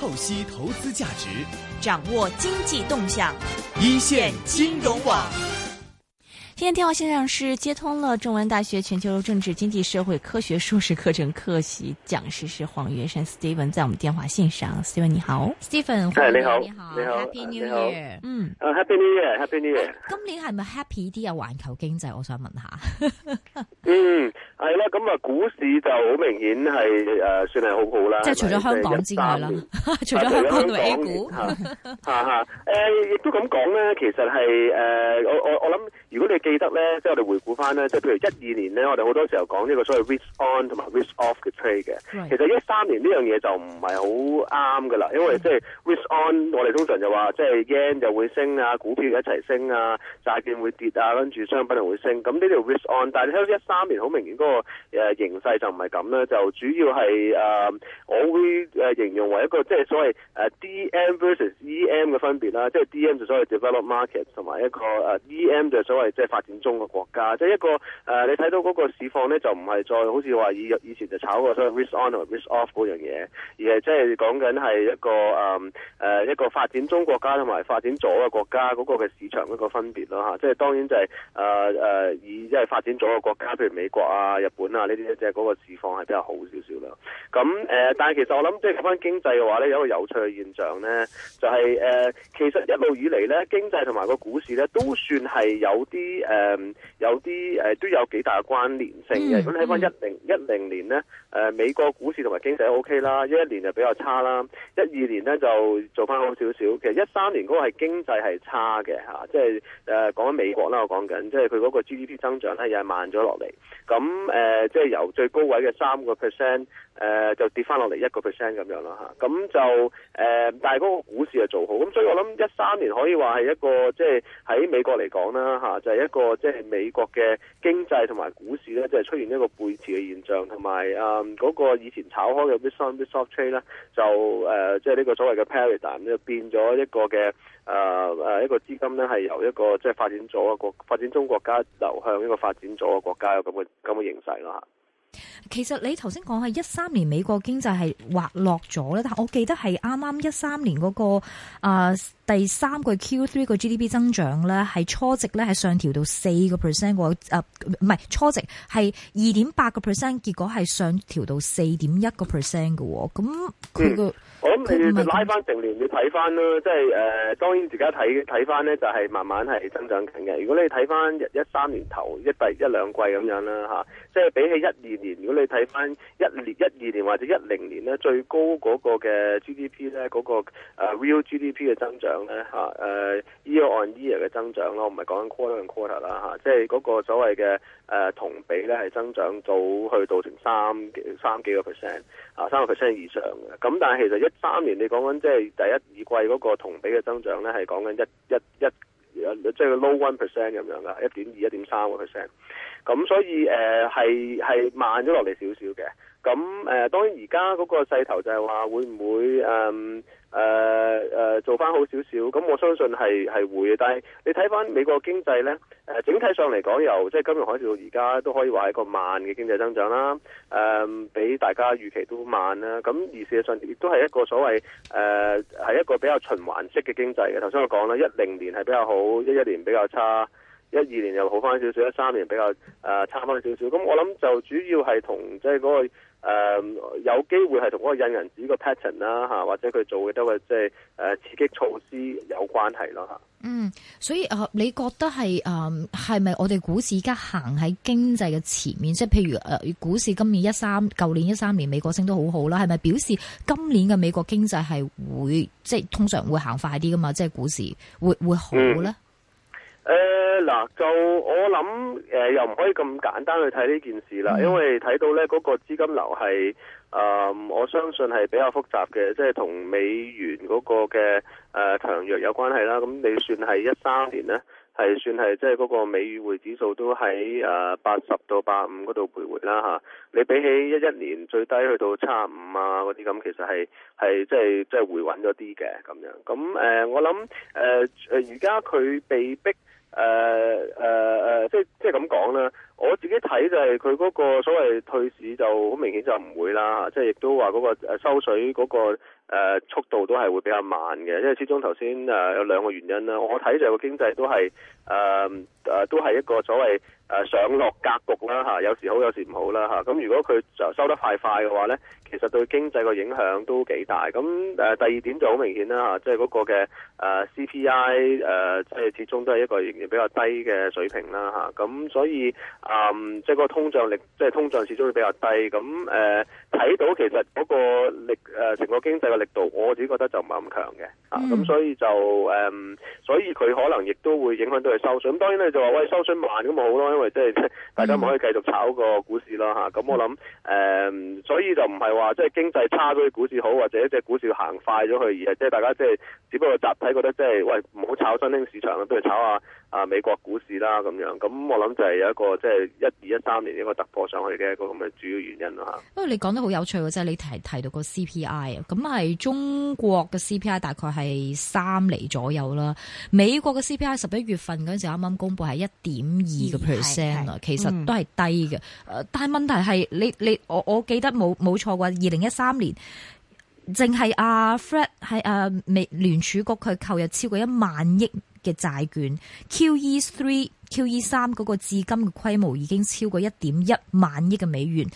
透析投資價值，掌握經濟動向，一線金融網。今天電話線上是接通了中文大學全球政治經濟社會科學碩士課程客席講師是黃元山 Steven，在我們電話線上，Steven 你好，Steven，嗨，你好，你好，Happy New Year，嗯，呃，Happy New Year，Happy New Year，今年係咪 Happy 啲啊？環球經濟，我想問下。嗯，係啦，咁啊，股市就好明顯係誒，算係好好啦。即係除咗香港之外啦，除咗香港嘅 A 股，吓吓，誒，亦都咁講咧，其實係誒，我我我諗，如果你記得咧，即係我哋回顧翻咧，即係譬如一二年咧，我哋好多時候講呢個所謂 risk on 同埋 risk off 嘅 trade 嘅，其實一三年呢樣嘢就唔係好啱噶啦，因為即係 risk on，我哋通常就話即係 yen 就會升啊，股票一齊升啊，債券會跌啊，跟住商品就會升，咁呢條 risk on，但係你睇到一三。三年好明顯，嗰個形勢就唔係咁啦，就主要係誒，我會誒形容為一個即係所謂誒 D M versus E M 嘅分別啦，即係 D M 就所謂 develop market，同埋一個誒 E M 就所謂即係發展中嘅國家，即係一個誒你睇到嗰個市況咧，就唔係再好似話以以前就炒過所謂 risk on 或者 risk off 嗰樣嘢，而係即係講緊係一個誒誒一個發展中國家同埋發展左嘅國家嗰個嘅市場的一個分別咯嚇，即係當然就係誒誒以即係發展左嘅國家。譬如美國啊、日本啊呢啲即係嗰個市況係比較好少少啦。咁、呃、誒，但係其實我諗即係講翻經濟嘅話咧，有一個有趣嘅現象咧，就係、是、誒、呃，其實一路以嚟咧，經濟同埋個股市咧都算係有啲誒、呃，有啲誒、呃、都有幾大嘅關聯性嘅。咁你睇翻一零一零年咧，誒、呃、美國股市同埋經濟 OK 啦，一一年就比較差啦，一二年咧就做翻好少少。其實一三年嗰個係經濟係差嘅吓，即係誒講緊美國啦，我講緊即係佢嗰個 GDP 增長咧又係慢咗落嚟。咁誒，即係由最高位嘅三個 percent。誒就跌翻落嚟一個 percent 咁樣啦嚇，咁就誒，但係嗰個股市就做好，咁所以我諗一三年可以話係一個即係喺美國嚟講啦嚇，就係、是、一個即係、就是、美國嘅經濟同埋股市咧，即、就、係、是、出現一個背馳嘅現象，同埋啊嗰個以前炒開嘅 risk on risk off trade 咧，就誒即係呢個所謂嘅 paradigm 咧變咗一個嘅誒、呃、一個資金咧係由一個即係、就是、發展咗個發展中國家流向一個發展咗嘅國家嘅咁嘅咁嘅形勢啦嚇。其實你頭先講係一三年美國經濟係滑落咗咧，但係我記得係啱啱一三年嗰、那個啊、呃、第三個 Q3 個 GDP 增長咧係初值咧係上調到四個 percent 嘅，誒唔係初值係二點八個 percent，結果係上調到四點一個 percent 嘅，咁佢個。我諗你拉翻成年，你睇翻囉。即係誒當然而家睇睇翻咧，就係慢慢係增長緊嘅。如果你睇翻一三年頭一第一兩季咁樣啦嚇，即係比起一二年，如果你睇翻一年一二年或者一零年咧，最高嗰個嘅 GDP 咧嗰、那個、啊、real GDP 嘅增長咧嚇、啊、year on year 嘅增長咯，唔係講緊 quarter on quarter 啦嚇，即係嗰個所謂嘅誒、啊、同比咧係增長到去到成三三幾個 percent 啊三個 percent 以上嘅。咁、啊、但係其實一三年你講緊即係第一二季嗰個同比嘅增長咧，係講緊一一一即係 low one percent 咁樣㗎，一點二一，就是呃、一點三個 percent。咁所以誒係係慢咗落嚟少少嘅。咁、呃、誒當然而家嗰個勢頭就係話會唔會誒？嗯誒、呃、誒、呃，做翻好少少，咁我相信係係會嘅，但係你睇翻美國經濟呢，呃、整體上嚟講，由即係金融海嘯到而家，都可以話係一個慢嘅經濟增長啦。誒、呃，比大家預期都慢啦。咁而事實上，亦都係一個所謂誒，係、呃、一個比較循環式嘅經濟嘅。頭先我講啦，一零年係比較好，一一年比較差，一二年又好翻少少，一三年比較誒、呃、差翻少少。咁我諗就主要係同即係嗰個。誒、嗯，有機會係同嗰個印銀紙個 pattern 啦，吓或者佢做嘅都係即係誒刺激措施有關係咯，吓。嗯，所以誒，你覺得係誒係咪我哋股市而家行喺經濟嘅前面？即係譬如誒，股市今年一三舊年一三年美國升都好好啦，係咪表示今年嘅美國經濟係會即係通常會行快啲㗎嘛？即係股市會會好咧？誒、嗯。呃嗱，就我諗誒、呃，又唔可以咁簡單去睇呢件事啦，因為睇到呢嗰、嗰個資金流係誒、呃，我相信係比較複雜嘅，即係同美元嗰個嘅誒強弱有關係啦。咁你算係一三年呢，係算係即係嗰個美元指數都喺誒八十到八五嗰度徘徊啦吓。你比起一一年最低去到七五啊嗰啲咁，其實係係即係即係回穩咗啲嘅咁樣。咁誒、呃，我諗誒誒，而家佢被逼。誒誒誒，即係即係咁講啦，我自己睇就係佢嗰個所謂退市就好明顯就唔會啦，即係亦都話嗰個誒收水嗰個。誒，速度都係會比較慢嘅，因為始終頭先誒有兩個原因啦。我睇就個經濟都係誒誒，都係一個所謂誒上落格局啦吓，有時好有時唔好啦吓。咁、啊、如果佢就收得快快嘅話咧，其實對經濟個影響都幾大。咁、啊、誒第二點就好明顯啦吓，即、啊、係、就是、個嘅誒、啊、CPI 誒、啊，即係始終都係一個仍然比較低嘅水平啦吓。咁、啊、所以誒即係個通脹率，即、就、係、是、通脹始終會比較低。咁誒睇到其實嗰個力誒成、啊、個經濟。力度我自己覺得就唔係咁強嘅、嗯，啊咁所以就誒、嗯，所以佢可能亦都會影響到佢收水。咁當然咧就話喂收水慢咁咪好咯，因為即、就、係、是、大家咪可以繼續炒個股市咯嚇。咁、啊、我諗誒、嗯，所以就唔係話即係經濟差啲，股市好，或者隻股市行快咗去，而係即係大家即、就、係、是，只不過集體覺得即、就、係、是、喂唔好炒新興市場啊，都係炒下。啊！美國股市啦咁樣，咁我諗就係有一個即係一、二、一三年一個突破上去嘅一個咁嘅主要原因啦、啊。因為你講得好有趣即係你提提到個 CPI 啊，咁係中國嘅 CPI 大概係三厘左右啦。美國嘅 CPI 十一月份嗰時時啱啱公布係一點二個 percent 啊，其實都係低嘅、嗯。但係問題係你你我我記得冇冇錯嘅話，二零一三年淨係阿 Fred 喺誒、啊、美聯儲局佢購入超過一萬億。嘅債券 QE3、QE 三嗰個資金嘅規模已經超過一點一萬億嘅美元，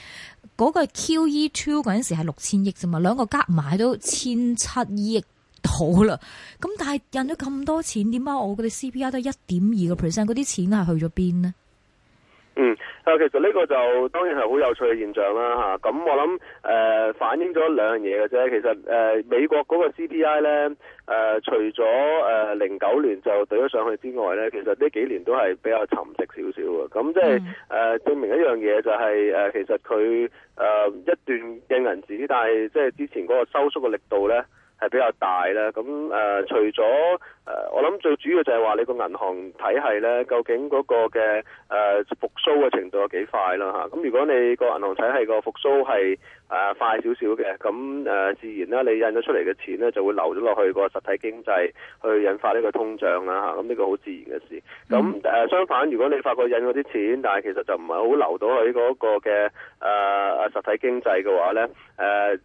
嗰、那個 QE2 嗰陣時係六千億啫嘛，兩個加埋都千七億好啦。咁但係印咗咁多錢，點解我哋 CPI 都一點二個 percent？嗰啲錢係去咗邊呢？嗯，啊，其實呢個就當然係好有趣嘅現象啦，吓、啊、咁我諗誒、呃、反映咗兩樣嘢嘅啫。其實誒、呃、美國嗰個 CPI 咧，誒、呃、除咗誒零九年就懟咗上去之外咧，其實呢幾年都係比較沉寂少少嘅。咁即係誒證明的一樣嘢就係、是、誒、呃、其實佢誒、呃、一段嘅銀紙，但係即係之前嗰個收縮嘅力度咧係比較大啦。咁誒、呃、除咗。誒，我諗最主要就係話你個銀行體系咧，究竟嗰個嘅誒復蘇嘅程度有幾快啦吓？咁、啊、如果你個銀行體係個復蘇係誒快少少嘅，咁誒、呃、自然啦，你印咗出嚟嘅錢咧就會流咗落去個實體經濟，去引發呢個通脹啦吓。咁、啊、呢、這個好自然嘅事。咁、嗯、誒、呃、相反，如果你發覺印咗啲錢，但係其實就唔係好流到去嗰個嘅誒誒實體經濟嘅話咧，誒、呃、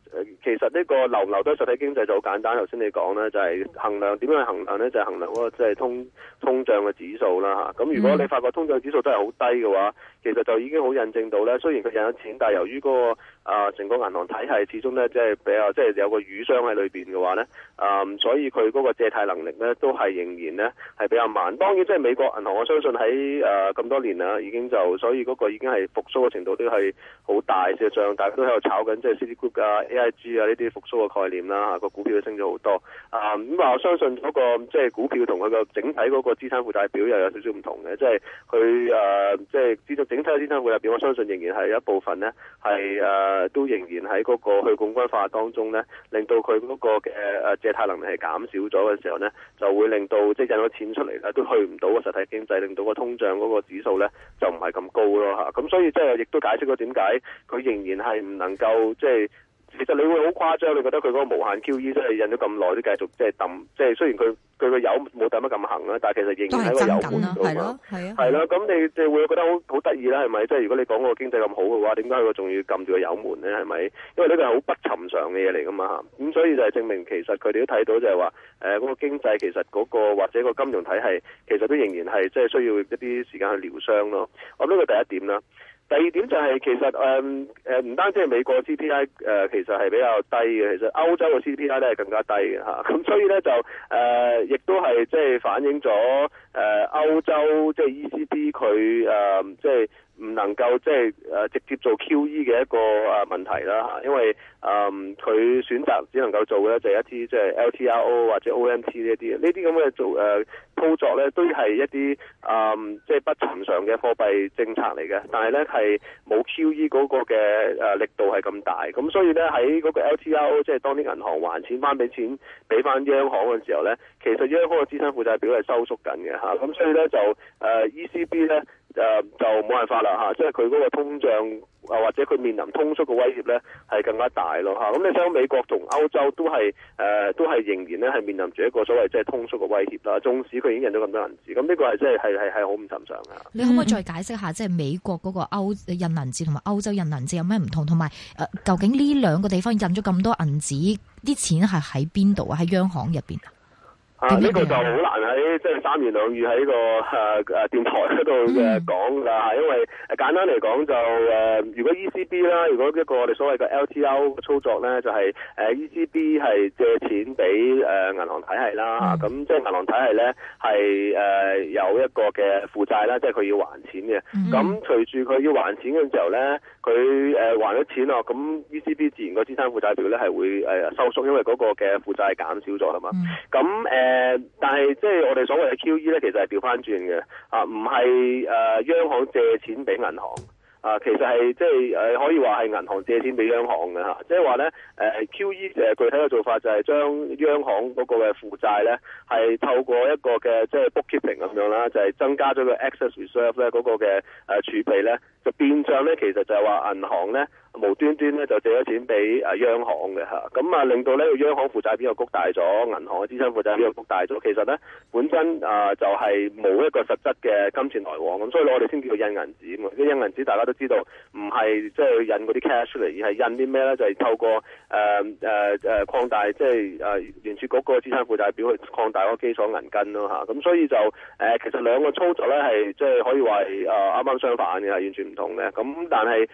其實呢個流唔流得實體經濟就好簡單。頭先你講咧就係、是、衡量點樣去衡量咧。就衡量嗰個即係通通脹嘅指數啦嚇，咁如果你發覺通脹指數都係好低嘅話，其實就已經好印證到咧。雖然佢印咗錢，但係由於嗰個啊，成個銀行體系始終咧，即係比較即係有個瘀傷喺裏邊嘅話咧，啊，所以佢嗰個借貸能力咧都係仍然咧係比較慢。當然即係美國銀行，我相信喺誒咁多年啦，已經就所以嗰個已經係復甦嘅程度都係好大。事實上，大家都喺度炒緊即係 Citigroup 啊、AIG 啊呢啲復甦嘅概念啦嚇，個股票都升咗好多啊。咁啊，我相信嗰個。即係股票同佢個整體嗰個資產負債表又有少少唔同嘅，即係佢誒，即係知道整體資產負債表、就是呃就是負債，我相信仍然係一部分咧，係誒、呃、都仍然喺嗰個去槓桿化當中咧，令到佢嗰個嘅借貸能力係減少咗嘅時候咧，就會令到即係印咗錢出嚟咧都去唔到個實體經濟，令到個通脹嗰個指數咧就唔係咁高咯嚇。咁所以即係亦都解釋咗點解佢仍然係唔能夠即係。就是其實你會好誇張，你覺得佢嗰個無限 QE 真係印咗咁耐都繼續即係掟，即係雖然佢佢個油冇掟得咁行啦，但係其實仍然喺個油門度嘛，係咯，係啊，係咯，咁你你會覺得好好得意啦，係咪？即係如果你講個經濟咁好嘅話，點解佢仲要撳住個油門咧？係咪？因為呢個係好不尋常嘅嘢嚟噶嘛吓，咁所以就係證明其實佢哋都睇到就係話，誒，嗰個經濟其實嗰個或者個金融體系其實都仍然係即係需要一啲時間去療傷咯。我諗呢個第一點啦。第二點就係其實誒誒唔單止係美國 CPI 誒其實係比較低嘅，其實歐洲嘅 CPI 咧係更加低嘅嚇，咁所以咧就誒亦都係即係反映咗。誒歐洲即係 ECB 佢誒即係唔能夠即係誒直接做 QE 嘅一個誒問題啦嚇，因為誒佢選擇只能夠做嘅就係一啲即係 LTRO 或者 OMT 呢啲呢啲呢一啲，呢啲咁嘅做誒操作咧都係一啲誒即係不尋常嘅貨幣政策嚟嘅，但係咧係冇 QE 嗰個嘅誒力度係咁大，咁所以咧喺嗰個 LTRO 即係當啲銀行還錢翻俾錢俾翻央行嘅時候咧，其實央行嘅資產負債表係收縮緊嘅。咁所以咧就，誒、呃、ECB 咧，誒、呃，就冇辦法啦吓，即係佢嗰個通脹，啊，或者佢面臨通縮嘅威脅咧，係更加大咯吓。咁、啊、你想美國同歐洲都係，誒、呃，都係仍然咧係面臨住一個所謂即係通縮嘅威脅啦。縱、啊、使佢已經印咗咁多銀紙，咁、啊、呢、這個係真係係係係好唔尋常噶。你可唔可以再解釋下，即係美國嗰個歐印銀紙同埋歐洲印銀紙有咩唔同？同埋，誒、呃，究竟呢兩個地方印咗咁多銀紙，啲錢係喺邊度啊？喺央行入邊啊？啊！呢、這個就好難喺即係三言兩語喺、這個誒誒、呃、電台嗰度嘅講啦、嗯，因為簡單嚟講就誒、呃，如果 E C B 啦，如果一個我哋所謂嘅 L T O 操作咧，就係、是、誒、呃、E C B 係借錢俾誒、呃、銀行體系啦，咁、嗯、即係銀行體系咧係誒有一個嘅負債啦，即係佢要還錢嘅。咁、嗯、隨住佢要還錢嘅時候咧，佢誒、呃、還咗錢咯，咁 E C B 自然個資產負債表咧係會誒、呃、收縮，因為嗰個嘅負債係減少咗係嘛。咁、嗯、誒。那呃誒，但係即係我哋所謂嘅 QE 咧，其實係調翻轉嘅啊，唔係誒央行借錢俾銀行啊，其實係即係誒可以話係銀行借錢俾央行嘅吓，即係話咧誒 QE 誒具體嘅做法就係將央行嗰個嘅負債咧係透過一個嘅即係 bookkeeping 咁樣啦，就係、是就是、增加咗個 excess reserve 咧嗰個嘅誒儲備咧，就變相咧其實就係話銀行咧。無端端咧就借咗錢俾央行嘅咁啊令到呢個央行負債表又擴大咗，銀行嘅資產負債表又擴大咗。其實咧本身啊就係冇一個實質嘅金錢來往，咁所以我哋先叫做印銀紙。印銀紙大家都知道唔係即係印嗰啲 cash 出嚟，而係印啲咩咧？就係透過誒誒誒擴大即係誒聯儲局個資產負債表去擴大嗰基礎銀根咯。咁所以就其實兩個操作咧係即係可以話係啱啱相反嘅，係完全唔同嘅。咁但係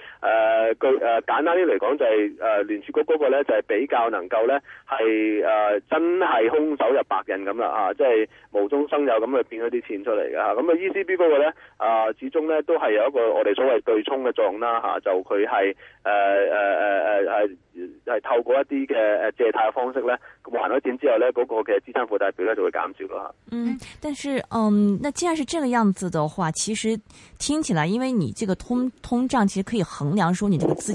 簡簡單啲嚟講就係、是、誒、呃、聯儲局嗰個咧就係、是、比較能夠咧係誒真係空手入白人咁啦嚇，即係無中生有咁去變咗啲錢出嚟嘅咁啊，那 ECB 嗰個咧啊始終咧都係有一個我哋所謂對沖嘅作用啦、啊、就佢係誒誒誒透過一啲嘅借貸嘅方式咧咁還咗錢之後咧嗰、那個嘅資產負債表咧就會減少啦，嗯，但是嗯，那既然是這個樣子的話，其實聽起來，因為你這個通通脹其實可以衡量，說你這個資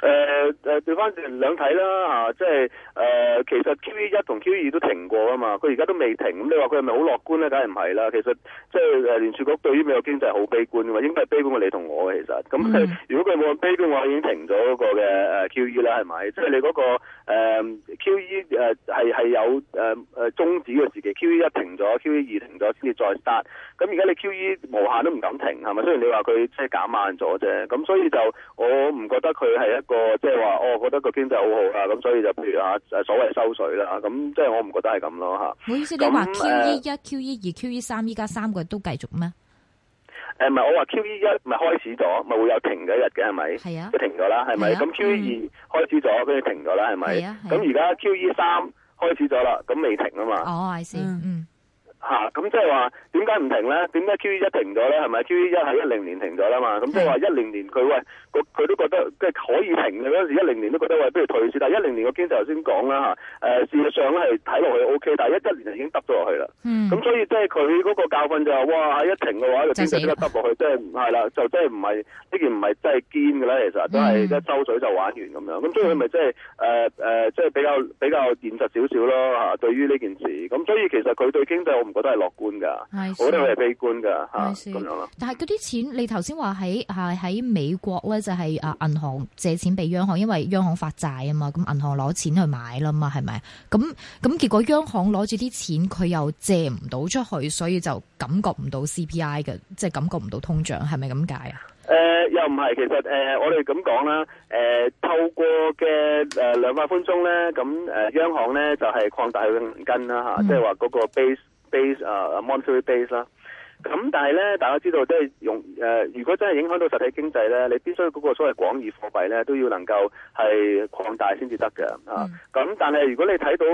誒，對翻兩睇啦，即係誒其實 QE 一同 QE 二都停過啊嘛，佢而家都未停，咁你話佢係咪好樂觀咧？梗係唔係啦。其實即係誒聯儲局對於美國經濟好悲觀嘅嘛，應該係悲觀過你同我嘅其實。咁佢、嗯、如果佢冇咁悲觀嘅話，我已經停咗嗰個嘅 QE 啦，係咪？即、就、係、是、你嗰、個 QE 係有誒終止嘅時期。QE 一、呃呃呃、停咗，QE 二停咗先至再 start。咁而家你 QE 無限都唔敢停係咪？雖然你話佢即係減慢咗啫，咁所以就我唔覺得佢係一。個即係話，我覺得個經濟好好啦，咁所以就譬如啊，所謂收水啦，咁即係我唔覺得係咁咯吓。我意思你話 Q E 一、Q E 二、Q E 三，依家三個月都繼續咩？誒，唔係我話 Q E 一，唔係開始咗，咪會有停嘅一日嘅係咪？係啊。都停咗啦，係咪？咁 Q E 二開始咗，跟住停咗啦，係咪？係啊。咁而家 Q E 三開始咗啦，咁未停啊嘛。哦，係先。嗯。嗯。吓，咁即係話點解唔停咧？點解 QE 一停咗咧？係咪？QE 一係一零年停咗啦嘛？咁即係話一零年佢喂，佢都覺得即係可以停嘅嗰陣時，一零年都覺得喂，不如退市，但係一零年個經濟頭先講啦吓誒，事實上係睇落去 OK，但係一一年就已經耷咗落去啦。咁、嗯嗯、所以即係佢嗰個教訓就係、是、哇，一停嘅話個經濟即刻耷落去，即係係啦，就即係唔係呢件唔係真係堅嘅咧，其實都係一收水就玩完咁樣。咁、嗯嗯嗯、所以佢咪即係誒誒，即、呃、係、呃就是、比較比較現實少少咯吓。對於呢件事，咁、嗯、所以其實佢對經濟。我都係樂觀㗎，我都係悲觀㗎嚇，咁樣咯。但係嗰啲錢，你頭先話喺係喺美國咧，就係啊銀行借錢俾央行，因為央行發債啊嘛，咁銀行攞錢去買啦嘛，係咪？咁咁結果央行攞住啲錢，佢又借唔到出去，所以就感覺唔到 CPI 嘅，即係感覺唔到通脹，係咪咁解啊？誒又唔係，其實誒我哋咁講啦，誒透過嘅誒兩百分鐘咧，咁誒央行咧就係擴大佢銀根啦嚇，即係話嗰個 base。嗯。base 啊，uh，monetary base 啦，咁但係呢，大家知道即係用，呃、如果真係影響到實體經濟呢，你必須嗰個所謂廣義貨幣呢，都要能夠係擴大先至得嘅。咁但係如果你睇到，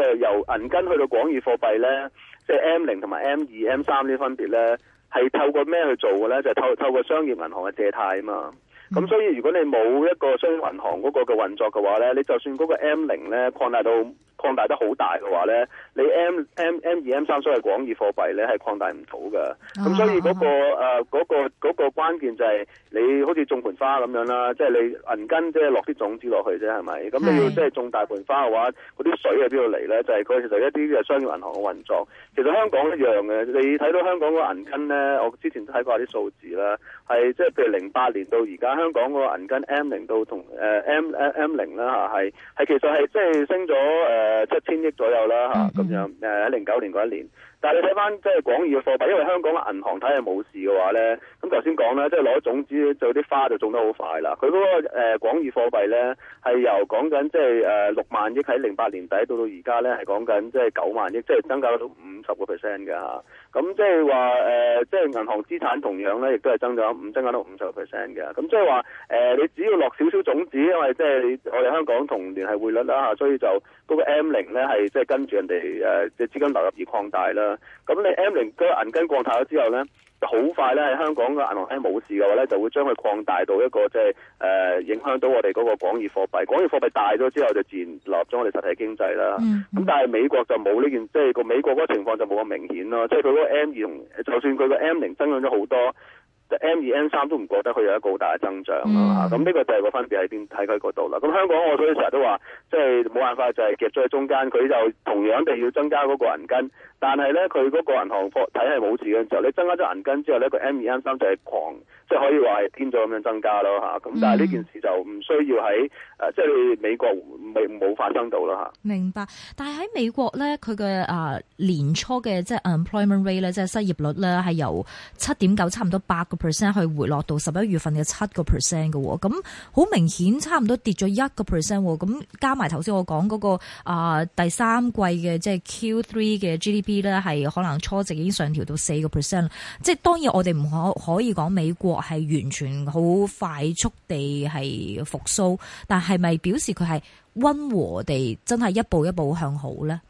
呃、由銀根去到廣義貨幣呢，即係 M 零同埋 M 二、M 三呢分別，呢，係透過咩去做嘅呢？就係、是、透過、就是、透、透過商業銀行嘅借貸啊嘛。咁、嗯、所以如果你冇一個商業銀行嗰個嘅運作嘅話呢，你就算嗰個 M 零呢擴大到。擴大得好大嘅話咧，你 M M M 二 M 三所謂廣義貨幣咧係擴大唔到嘅，咁、嗯、所以嗰、那個誒嗰、嗯呃那個嗰、那個那個、關鍵就係你好似種盆花咁樣啦，即、就、係、是、你銀根即係落啲種子落去啫，係咪？咁你要即係種大盆花嘅話，嗰啲水喺邊度嚟咧？就係、是、佢其實一啲嘅商業銀行嘅運作。其實香港一樣嘅，你睇到香港個銀根咧，我之前都睇過啲數字啦，係即係譬如零八年到而家香港個銀根 M 零到同誒 M M 零啦嚇，係、呃、係其實係即係升咗誒。呃誒、呃，七千億左右啦吓，咁、啊、樣誒，喺零九年嗰一年。但係你睇翻即係廣義嘅貨幣，因為香港嘅銀行體系冇事嘅話咧，咁頭先講咧，即係攞種子做啲花就種得好快啦。佢嗰個誒廣義貨幣咧係由講緊即係誒六萬億喺零八年底到到而家咧係講緊即係九萬億，即係增加到五十個 percent 嘅嚇。咁即係話誒，即係銀行資產同樣咧，亦都係增咗五，增加到五十個 percent 嘅。咁即係話誒，你只要落少少種子，因為即係我哋香港同聯繫匯率啦嚇，所以就嗰個 M 零咧係即係跟住人哋誒嘅資金流入而擴大啦。咁你 M 零嗰銀根擴大咗之後咧，好快咧喺香港嘅銀行係冇事嘅話咧，就會將佢擴大到一個即係誒影響到我哋嗰個廣義貨幣。廣義貨幣大咗之後，就自然落入咗我哋實體經濟啦。咁、嗯嗯、但係美國就冇呢件，即係個美國嗰個情況就冇咁明顯咯。即係佢個 M 二同，就，是、M0，就算佢個 M 零增長咗好多。M 二 M 三都唔覺得佢有一個好大嘅增長，咁呢、嗯啊、個就係個分別喺邊睇佢嗰度啦。咁香港我所以成日都話，即係冇辦法就係、是、夾咗喺中間，佢就同樣地要增加嗰個銀根，但係咧佢嗰個銀行貨體系冇事嘅時候，你增加咗銀根之後咧，個 M 二 M 三就係狂即係、就是、可以話係天咗咁樣增加咯嚇。咁、啊、但係呢件事就唔需要喺誒即係美國冇發生到啦嚇、嗯。明白，但係喺美國咧，佢嘅誒年初嘅即係 employment rate 咧，即係失業率咧，係由七點九差唔多八個。percent 去回落到十一月份嘅七個 percent 嘅，咁好明顯差唔多跌咗一個 percent。咁加埋頭先我講嗰個啊第三季嘅即係 Q three 嘅 G D P 咧，係可能初值已經上調到四個 percent。即係當然我哋唔可可以講美國係完全好快速地係復蘇，但係咪表示佢係溫和地真係一步一步向好咧？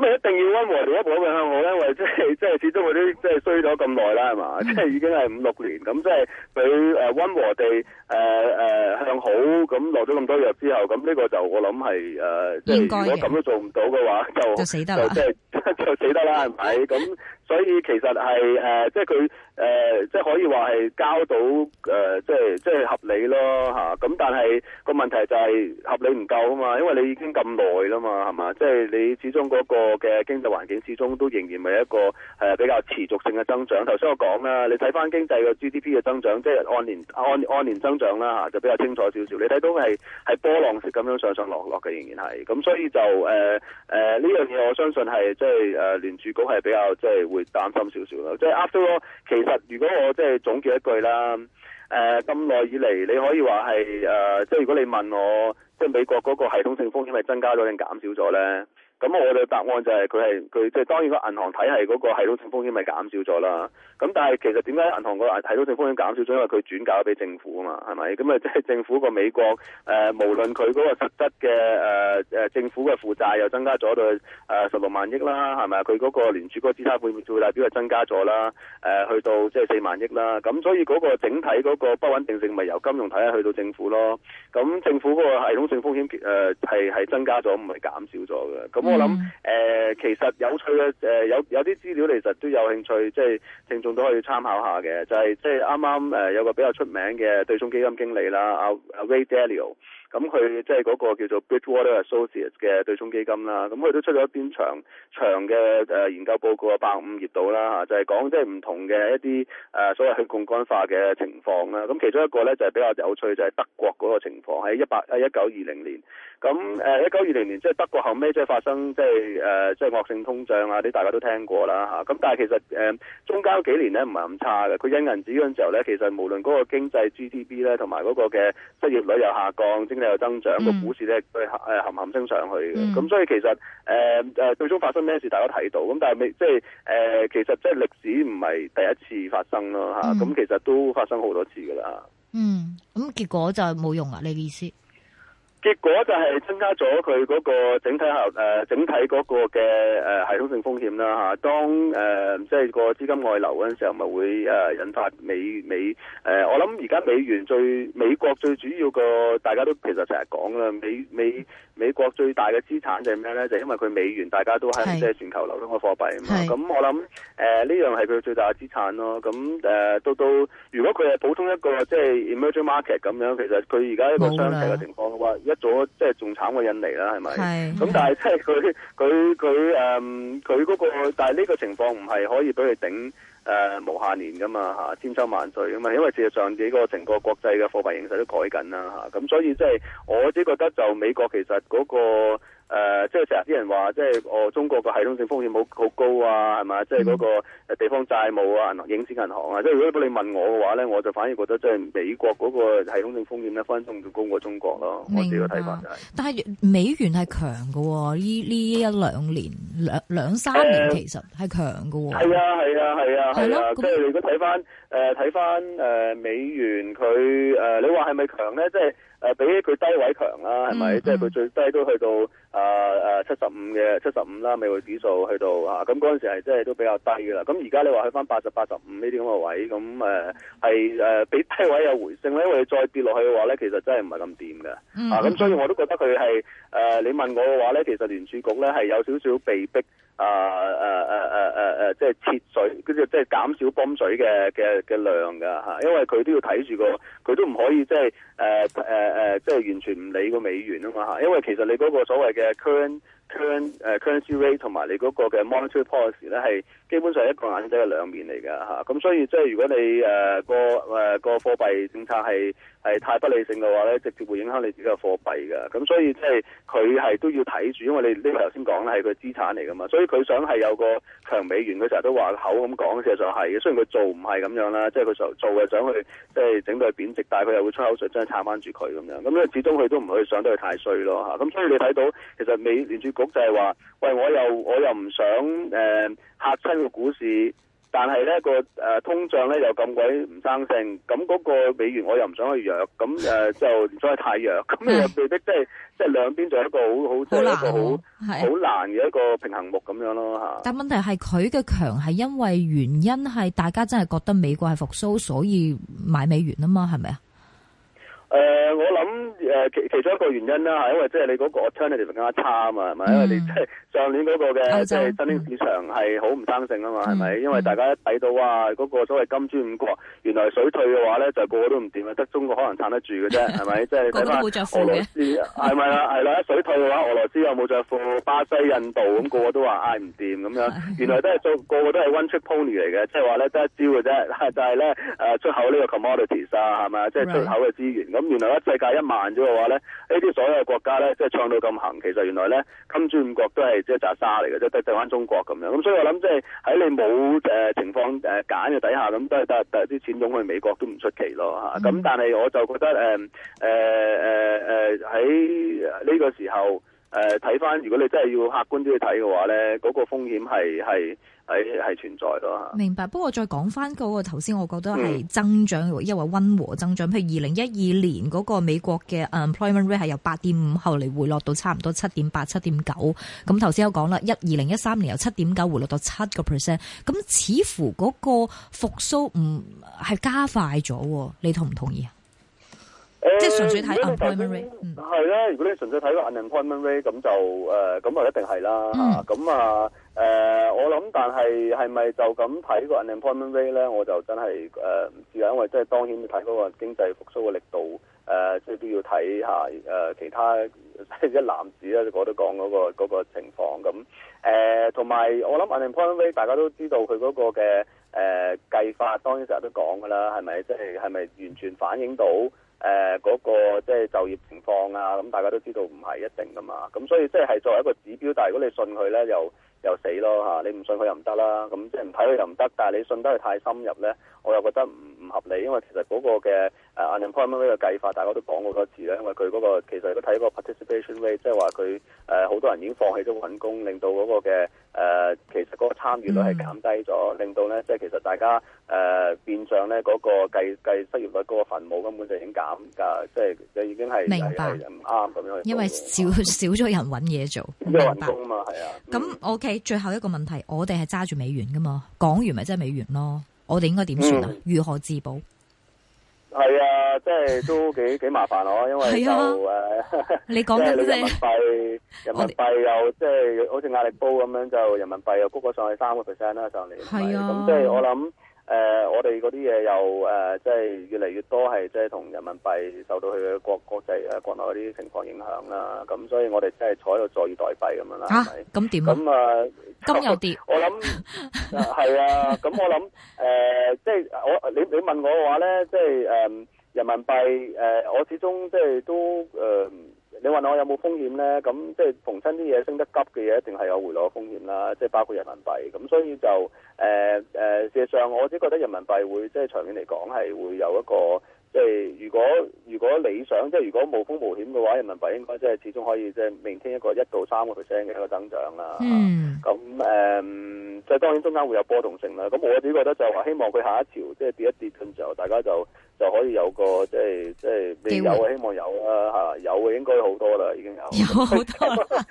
咁一定要温和地一步步向好咧，因為即係即係始終嗰啲即係衰咗咁耐啦，係嘛、嗯，即係已經係五六年咁，即係佢誒温和地誒誒、呃呃、向好，咁落咗咁多藥之後咁呢個就我諗係誒，即係如果咁都做唔到嘅話就,就死得啦，即係就,就死得啦，係咪咁？ 所以其實係誒、呃，即係佢誒，即係可以話係交到誒、呃，即係即係合理咯嚇。咁但係個問題就係合理唔夠啊嘛，因為你已經咁耐啦嘛，係嘛？即係你始終嗰個嘅經濟環境始終都仍然係一個誒比較持續性嘅增長。頭先我講啦，你睇翻經濟嘅 GDP 嘅增長，即係按年按按年增長啦嚇，就比較清楚少少。你睇到係係波浪式咁樣上上落落嘅，仍然係咁，所以就誒呢樣嘢，呃呃這個、我相信係即係誒、啊、聯儲局係比較即係會擔心少少啦，即係 a 阿叔咯。其實如果我即係總結一句啦，誒咁耐以嚟，你可以話係誒，即係如果你問我，即係美國嗰個系統性風險係增加咗定減少咗咧？咁我哋答案就係佢係佢即係當然個銀行體系嗰個系統性風險咪減少咗啦。咁但係其實點解銀行個系統性風險減少咗？因為佢轉嫁俾政府啊嘛，係咪？咁啊即係政府個美國誒、呃，無論佢嗰個實質嘅誒、呃、政府嘅負債又增加咗到誒十六萬億啦，係咪？佢嗰個聯儲嗰個資產負負債表又增加咗啦、呃，去到即係四萬億啦。咁所以嗰個整體嗰個不穩定性咪由金融體去到政府咯。咁政府嗰個系統性風險係、呃、增加咗，唔係減少咗嘅。咁 Mm -hmm. 我諗誒、呃，其實有趣嘅誒、呃，有有啲資料其實都有興趣，即、就、係、是、聽眾都可以參考一下嘅，就係即係啱啱誒有個比較出名嘅對沖基金經理啦，阿、啊、阿 Ray Dalio，咁佢即係嗰個叫做 Bridgewater Associates 嘅對沖基金啦，咁、嗯、佢都出咗一篇長長嘅誒研究報告啊，百五頁度啦吓，就係講即係唔同嘅一啲誒、呃、所謂去槓桿化嘅情況啦，咁、嗯、其中一個咧就係、是、比較有趣就係德國嗰個情況，喺一八誒一九二零年。咁誒，一九二零年即係德國後尾，即係發生即係誒，即係惡性通脹啊啲，大家都聽過啦吓。咁但係其實誒中間幾年咧唔係咁差嘅。佢印銀紙嗰陣時候咧，其實無論嗰個經濟 GDP 咧，同埋嗰個嘅失業率又下降，經濟又增長，個、嗯、股市咧對誒含冚升上去嘅。咁、嗯、所以其實誒誒、呃、最終發生咩事，大家睇到。咁但係未即係誒，其實即係歷史唔係第一次發生咯吓。咁、嗯啊、其實都發生好多次噶啦。嗯，咁結果就冇用啊？你嘅意思？結果就係增加咗佢嗰個整體系、呃、整體嗰個嘅系統性風險啦、吓、啊。當即係、呃就是、個資金外流嗰陣時候，咪會引發美美、呃、我諗而家美元最美國最主要個大家都其實成日講啦，美美美國最大嘅資產就係咩咧？就係、因為佢美元大家都係即係全球流通嘅貨幣啊嘛。咁我諗誒呢樣係佢最大嘅資產咯。咁誒、呃、到到如果佢係普通一個即係 emerging market 咁樣，其實佢而家一個相對嘅情況嘅話。一早即係仲慘過印尼啦，係咪？咁但係即係佢佢佢誒，佢嗰、嗯嗰個但係呢個情況唔係可以俾佢頂誒無限年噶嘛吓，千秋萬歲噶嘛，因為事實上你個成個國際嘅貨幣形勢都改緊啦吓，咁、啊、所以即係我自己覺得就美國其實嗰、嗰個。誒、呃，即係成日啲人話，即係我、哦、中國個系統性風險好好高啊，係嘛、嗯？即係嗰個地方債務啊、行、影子銀行，行啊，即係如果你問我嘅話咧，我就反而覺得即係美國嗰個系統性風險咧，分分仲高過中國咯、啊。我自己嘅睇法就係、是，但係美元係強嘅，呢呢一兩年兩兩三年其實係強喎。係啊係啊係啊。係啊。即係、啊啊啊啊啊啊、如果睇翻誒睇翻誒美元佢誒、呃，你話係咪強咧？即係。誒，比佢低位強啦，係咪？Mm -hmm. 即係佢最低都去到誒誒、呃、七十五嘅七十五啦，美元指數去到啊，咁嗰陣時係即係都比較低噶啦。咁而家你話去翻八十八十五呢啲咁嘅位，咁誒係誒比低位有回升咧。因為再跌落去嘅話咧，其實真係唔係咁掂嘅。Mm -hmm. 啊，咁所以我都覺得佢係誒，你問我嘅話咧，其實聯儲局咧係有少少被逼。啊誒，誒，誒，誒，啊！即係切水，跟住即係減少泵水嘅嘅嘅量噶吓。因為佢都要睇住個，佢都唔可以即係誒，誒，誒，即係完全唔理個美元啊嘛吓，因為其實你嗰個所謂嘅 current。c u r r e n currency rate 同埋你嗰個嘅 monetary policy 咧，係基本上一個硬幣嘅兩面嚟㗎嚇。咁所以即係如果你誒個誒個貨幣政策係係太不理性嘅話咧，直接會影響你自己嘅貨幣㗎。咁所以即係佢係都要睇住，因為你呢頭先講咧係佢資產嚟㗎嘛。所以佢想係有個強美元，佢成日都話口咁講嘅時候就係、係、嘅。雖然佢做唔係咁樣啦，即係佢做嘅想去即係整到去貶值，但佢又會出口上真係撐翻住佢咁樣。咁因為始終佢都唔會上得去太衰咯嚇。咁所以你睇到其實美聯儲。就係、是、話，喂，我又我又唔想誒嚇親個股市，但係咧個誒、呃、通脹咧又咁鬼唔生性，咁嗰個美元我又唔想去弱，咁誒就唔想， 想去太弱，咁又未必，即係即係兩邊仲有一個很好好好好難嘅一個平衡木咁樣咯吓。但問題係佢嘅強係因為原因係大家真係覺得美國係復甦，所以買美元啊嘛，係咪啊？誒、呃，我諗誒、呃，其其中一個原因啦，係因為即係你嗰個 alternative 更加差啊嘛，係、嗯、咪？因為你即係上年嗰個嘅即係新興市場係好唔生性啊嘛，係、嗯、咪？因為大家一睇到哇，嗰、那個所謂金磚五國、嗯、原來水退嘅話咧，就是、個個都唔掂啊，得中國可能撐得住嘅啫，係 咪？即、就、係、是、你睇返 俄羅斯係咪啊？係 啦，水退嘅話，俄羅斯有冇着數，巴西、印度咁、嗯、個個都話捱唔掂咁樣。原來都係做個個都係 one trick pony 嚟嘅，即係話咧得一招嘅啫。係，但係咧誒，出口呢個 commodities 啊，係咪？即、就、係、是、出口嘅資源、right. 嗯咁原來一世界一萬咗嘅話咧，呢啲所有國家咧，即係唱到咁行，其實原來咧，金磚五國都係即係扎沙嚟嘅，即係對翻中國咁樣。咁所以我諗即係喺你冇誒情況誒揀嘅底下，咁都係特特啲錢湧去美國都唔出奇咯嚇。咁、嗯、但係我就覺得誒誒誒誒喺呢個時候。誒，睇翻如果你真係要客觀啲去睇嘅話咧，嗰個風險係係係係存在咯。明白，不過再講翻嗰個頭先，我覺得係增長，因為溫和增長。譬如二零一二年嗰個美國嘅 Employment Rate 係由八點五後嚟回落到差唔多七點八、七點九。咁頭先有講啦，一二零一三年由七點九回落到七個 percent，咁似乎嗰個復蘇唔係加快咗，你同唔同意啊？即係純粹睇 unemployment rate，係啦。如果你純粹睇個、嗯、unemployment rate，咁就誒，咁、呃、啊一定係啦。咁、嗯、啊，誒、呃，我諗但係係咪就咁睇個 unemployment rate 咧？我就真係誒唔知啊，因為即係當然睇嗰個經濟復甦嘅力度誒，即、呃、係都要睇下誒、呃，其他一籃子啊，我、那個、都講嗰、那個嗰、那個情況咁。誒，同、呃、埋我諗 unemployment rate，大家都知道佢嗰個嘅誒計法，當然成日都講噶啦，係咪即係係咪完全反映到？誒、呃、嗰、那個即係就業情況啊，咁大家都知道唔係一定噶嘛，咁所以即係作為一個指標，但係如果你信佢咧，又又死咯嚇，你唔信佢又唔得啦，咁即係唔睇佢又唔得，但係你信得佢太深入咧，我又覺得唔唔合理，因為其實嗰個嘅。Unemployment 呢個計法，大家都講過多次啦，因為佢嗰、那個其實如果睇個 participation rate，即係話佢誒好多人已經放棄咗份工，令到嗰個嘅誒、呃、其實嗰個參與率係減低咗、嗯，令到咧即係其實大家誒、呃、變相咧嗰、那個計計失業率嗰個分母根本就已經減噶，即、就、係、是、已經係明白唔啱咁樣，因為少少咗人搵嘢做，明白搵工嘛係啊。咁、嗯、OK，最後一個問題，我哋係揸住美元噶嘛，港元咪即係美元咯，我哋應該點算啊、嗯？如何自保？係啊，即係都幾幾麻煩咯、啊，因為就誒、啊啊，你講即係人民幣，人民幣又即係好似壓力煲咁樣，就人民幣又谷咗上去三個 percent 啦，上年，係啊，咁、啊、即係我諗。誒、呃，我哋嗰啲嘢又誒，即、呃、係、即係、越嚟越多係即係同人民幣受到佢嘅國,國際國內嗰啲情況影響啦。咁所以，我哋即係坐喺度坐以待斃咁樣啦。咁點啊？咁、嗯呃呃、 啊，咁又跌。我諗係啊，咁、呃即係、我諗誒，即係我你你問我嘅話咧，即係誒人民幣誒、呃，我始終即係都誒。呃你問我有冇風險呢？咁即係逢親啲嘢升得急嘅嘢，一定係有回落風險啦。即係包括人民幣咁，所以就誒、呃呃、事實上我自己覺得人民幣會即係長遠嚟講係會有一個即係如果如果理想即係如果冇風無險嘅話，人民幣應該即係始終可以即係 maintain 一個一到三個 percent 嘅一個增長啦。咁、mm. 誒、啊，即係、嗯、當然中間會有波動性啦。咁我自己覺得就話希望佢下一潮即係跌一跌嘅時候，大家就。就可以有個即係即係未有嘅希望有啊。嚇，有嘅應該好多啦，已經有有好多啦，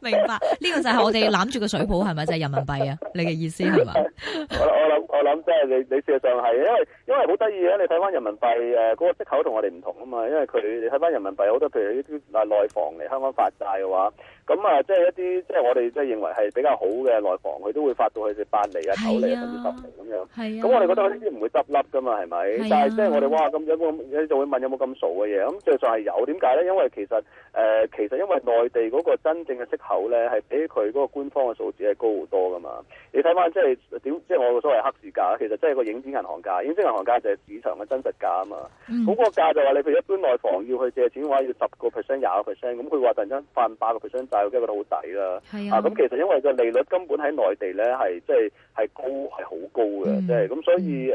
明白？呢個就係我哋攬住個水泡係咪？就係人民幣啊？ 你嘅意思係咪？我諗我諗即係你你事實上係，因為因為好得意啊。你睇翻人民幣嗰個息口同我哋唔同啊嘛，因為佢你睇翻人民幣好多，譬如啲內房嚟香港發債嘅話。咁啊，即係一啲，即係我哋即係認為係比較好嘅內房，佢都會發到佢哋八釐啊、九釐啊、啊甚至十釐咁樣。係啊，咁我哋覺得呢啲唔會執笠噶嘛，係咪、啊？但係即係我哋哇，咁有冇你就會問有冇咁傻嘅嘢？咁其實係有，點解咧？因為其實誒、呃，其實因為內地嗰個真正嘅息口咧，係比佢嗰個官方嘅數字係高好多噶嘛。你睇翻即係點？即、就、係、是、我所謂黑市價，其實即係個影子銀行價，影子銀行價就係市場嘅真實價啊嘛。嗯。嗰個價就話、是、你，譬如一般內房要去借錢嘅話，要十個 percent、廿個 percent，咁佢話突然間翻八個 percent。我覺得好抵啦，啊咁其實因為個利率根本喺內地咧，係即係係高係好高嘅，即係咁所以誒誒、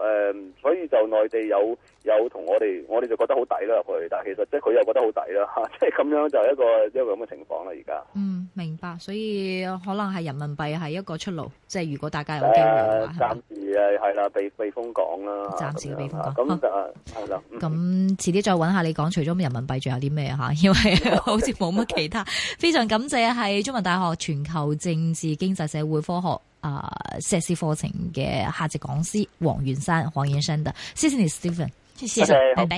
呃，所以就內地有有同我哋，我哋就覺得好抵啦入去，但係其實即係佢又覺得好抵啦嚇，即係咁樣就係一個、就係、一個咁嘅情況啦而家。嗯，明白，所以可能係人民幣係一個出路，即、就、係、係、如果大家有機會嘅話、呃。暫時係啦、啊，避避風港啦。暫時避風港。咁、啊、就係啦。咁、啊啊、遲啲再揾下你講，除咗人民幣仲有啲咩嚇？ 因為好似冇乜其他。 非常感謝係中文大學全球政治經濟社會科學啊碩士課程嘅客席講師黃元山，黃元山的，謝謝你 Stephen，謝謝，拜拜。